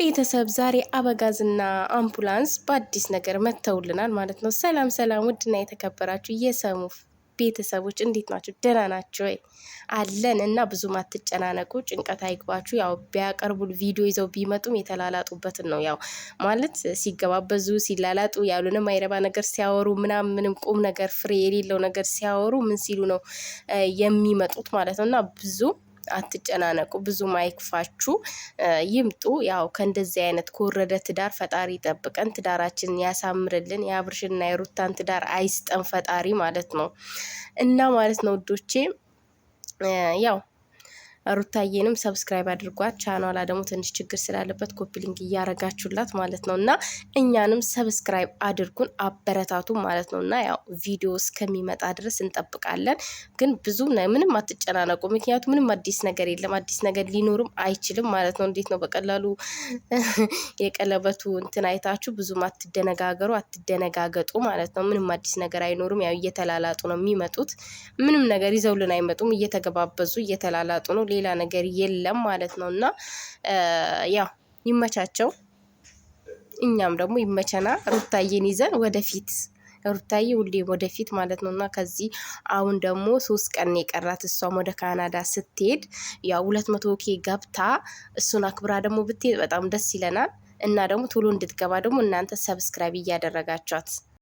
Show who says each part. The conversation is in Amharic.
Speaker 1: ቤተሰብ ዛሬ አበጋዝና አምቡላንስ በአዲስ ነገር መጥተውልናል ማለት ነው። ሰላም ሰላም! ውድና የተከበራችሁ የሰሙ ቤተሰቦች እንዴት ናቸው? ደህና ናቸው ወይ? አለን እና ብዙም አትጨናነቁ፣ ጭንቀት አይግባችሁ። ያው ቢያቀርቡል ቪዲዮ ይዘው ቢመጡም የተላላጡበትን ነው ያው ማለት ሲገባበዙ ሲላላጡ ያሉንም አይረባ ነገር ሲያወሩ ምናምን ምንም ቁም ነገር ፍሬ የሌለው ነገር ሲያወሩ ምን ሲሉ ነው የሚመጡት ማለት ነው እና ብዙ አትጨናነቁ፣ ብዙ ማይክፋችሁ ይምጡ። ያው ከእንደዚህ አይነት ከወረደ ትዳር ፈጣሪ ይጠብቀን፣ ትዳራችንን ያሳምርልን። የአብርሽና የሩታን ትዳር አይስጠን ፈጣሪ ማለት ነው እና ማለት ነው ውዶቼ ያው ሩታዬንም ሰብስክራይብ አድርጓት። ቻናሏ ደግሞ ትንሽ ችግር ስላለበት ኮፒሊንግ እያረጋችሁላት ማለት ነው እና እኛንም ሰብስክራይብ አድርጉን አበረታቱ ማለት ነው እና ያው ቪዲዮ እስከሚመጣ ድረስ እንጠብቃለን። ግን ብዙ ምንም አትጨናነቁ፣ ምክንያቱም ምንም አዲስ ነገር የለም። አዲስ ነገር ሊኖርም አይችልም ማለት ነው። እንዴት ነው በቀላሉ የቀለበቱ እንትን አይታችሁ ብዙም አትደነጋገሩ፣ አትደነጋገጡ ማለት ነው። ምንም አዲስ ነገር አይኖርም። ያው እየተላላጡ ነው የሚመጡት። ምንም ነገር ይዘውልን አይመጡም። እየተገባበዙ እየተላላጡ ነው። ሌላ ነገር የለም ማለት ነው። እና ያው ይመቻቸው፣ እኛም ደግሞ ይመቸና ሩታዬን ይዘን ወደፊት ሩታዬ ሁሌም ወደፊት ማለት ነው እና ከዚህ አሁን ደግሞ ሶስት ቀን የቀራት እሷም ወደ ካናዳ ስትሄድ ያው ሁለት መቶ ኬ ገብታ እሱን አክብራ ደግሞ ብትሄድ በጣም ደስ ይለናል። እና ደግሞ ቶሎ እንድትገባ ደግሞ እናንተ ሰብስክራይብ እያደረጋችኋት